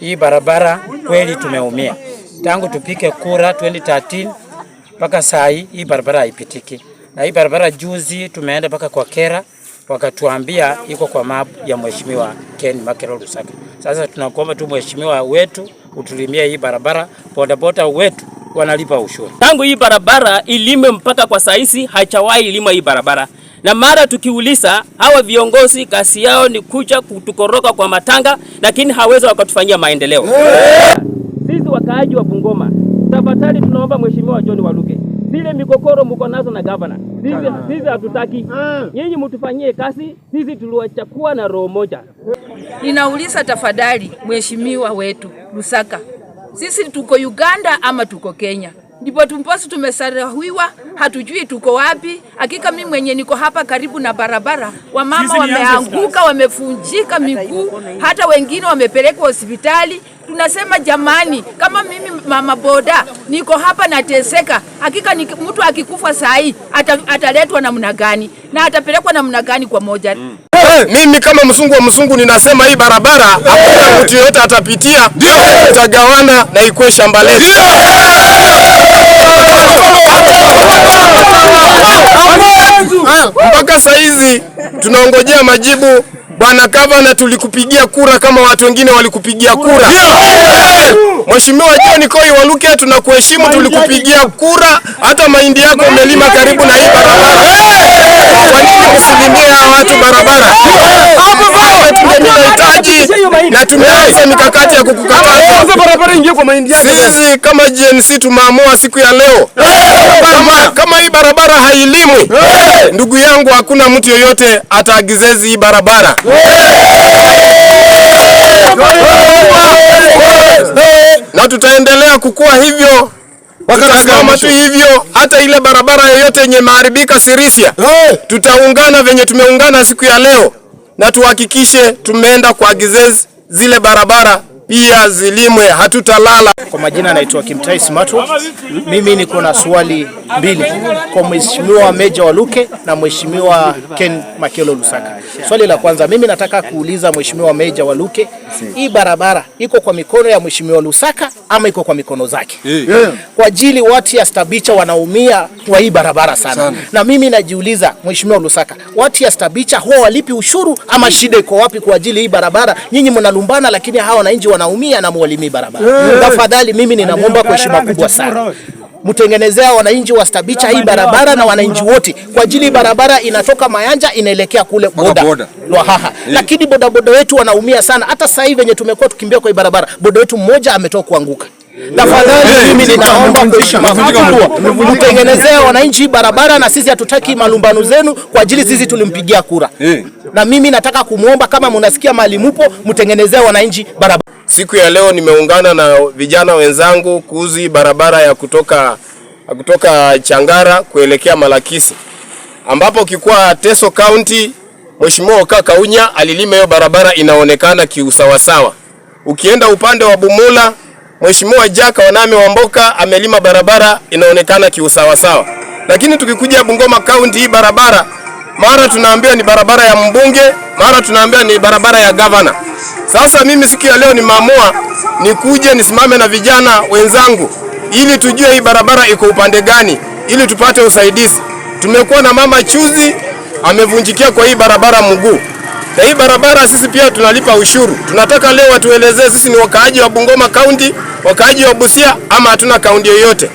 Hii barabara kweli tumeumia tangu tupike kura 2013 mpaka saa hii, hii barabara haipitiki. Na hii barabara juzi tumeenda mpaka kwa Kera, wakatuambia iko kwa map ya mheshimiwa Ken Makero Lusaka. Sasa tunakuomba tu mheshimiwa wetu utulimie hii barabara, bodaboda wetu wanalipa ushuru. Tangu hii barabara ilime mpaka kwa saa hizi hachawahi lima hii barabara na mara tukiuliza, hawa viongozi kasi yao ni kuja kutukoroka kwa matanga, lakini hawezi wakatufanyia maendeleo Sisi wakaaji wa Bungoma, tafadhali tunaomba mheshimiwa John Waluke, zile mikokoro mko nazo na gavana, sisi hatutaki nyinyi mtufanyie kasi sisi tuliwachakua na roho moja. Ninauliza tafadhali, mheshimiwa wetu Lusaka, sisi tuko Uganda ama tuko Kenya? Ndipo tumposi tumesarahuiwa hatujui tuko wapi. Hakika mimi mwenye niko hapa karibu na barabara, wamama wameanguka, wamefunjika miguu, hata wengine wamepelekwa hospitali. Tunasema jamani, kama mimi mama boda niko hapa nateseka. Hakika mtu akikufa saa hii ataletwa namna gani na atapelekwa namna gani kwa moja? mm. Mimi kama msungu wa msungu ninasema hii barabara hakuna mtu yoyote atapitia, itagawana na ikue shamba letu. Mpaka saa hizi tunaongojea majibu. Bwana Gavana, tulikupigia kura kama watu wengine walikupigia kura. Mheshimiwa John Koi Waluke, tunakuheshimu, tulikupigia kura, hata mahindi yako umelima karibu na hii barabara. Kwa nini msilimie hawa watu barabara? Tunahitaji na tume tuweke mikakati ya kukukamata. Sisi kama GNC tumeamua siku ya leo kama, kama hii barabara hailimwi, ndugu yangu, hakuna mtu yoyote ataagizezi hii barabara. Na tutaendelea kukua hivyo kama tu hivyo, hata ile barabara yoyote yenye maharibika Sirisia, tutaungana venye tumeungana siku ya leo na tuhakikishe tumeenda kwa Gizezi zile barabara pia zilimwe, hatutalala. Kwa majina anaitwa Kimtai Smatwa. Mimi niko na swali mbili kwa Mheshimiwa Meja Waluke na Mheshimiwa Ken Makelo Lusaka. Swali la kwanza, mimi nataka kuuliza Mheshimiwa Meja Waluke, hii barabara iko kwa mikono ya Mheshimiwa Lusaka ama iko kwa mikono zake? Eh. Kwa ajili watu ya Stabicha wanaumia kwa hii barabara sana, Na mimi najiuliza Mheshimiwa Lusaka, watu ya Stabicha huwa walipi ushuru ama eh. shida iko wapi kwa ajili hii barabara? Nyinyi mnalumbana, lakini hawa wananchi wanaumia na mwalimi barabara. Eh. Tafadhali Mimi ninamwomba kwa heshima kubwa sana mtengenezea wananchi wa Stabicha hii barabara na wananchi wote, kwa ajili barabara inatoka Mayanja inaelekea kule boda Lwahaha, eh. lakini bodaboda wetu wanaumia sana. Hata sasa hivi venye tumekuwa tukimbia kwa hii barabara, boda wetu mmoja ametoka kuanguka. Tafadhali eh, mimi ninaomba mtengenezea wananchi barabara, na sisi hatutaki malumbano zenu, kwa ajili sisi tulimpigia kura, eh. na mimi nataka kumwomba kama mnasikia mali mupo, mtengenezea wananchi barabara. Siku ya leo nimeungana na vijana wenzangu kuuzi barabara ya kutoka kutoka Changara kuelekea Malakisi, ambapo kikuwa Teso County, Mheshimiwa Oka Kaunya alilima hiyo barabara, inaonekana kiusawasawa. Ukienda upande wa Bumula, Mheshimiwa Jaka Waname Wamboka amelima barabara, inaonekana kiusawasawa. Lakini tukikuja Bungoma County, hii barabara mara tunaambiwa ni barabara ya mbunge, mara tunaambia ni barabara ya governor. Sasa mimi siku ya leo nimeamua nikuje nisimame na vijana wenzangu ili tujue hii barabara iko upande gani ili tupate usaidizi. Tumekuwa na mama chuzi amevunjikia kwa hii barabara mguu. Na hii barabara sisi pia tunalipa ushuru. Tunataka leo watuelezee sisi ni wakaaji wa Bungoma County, wakaaji wa Busia ama hatuna kaunti yoyote.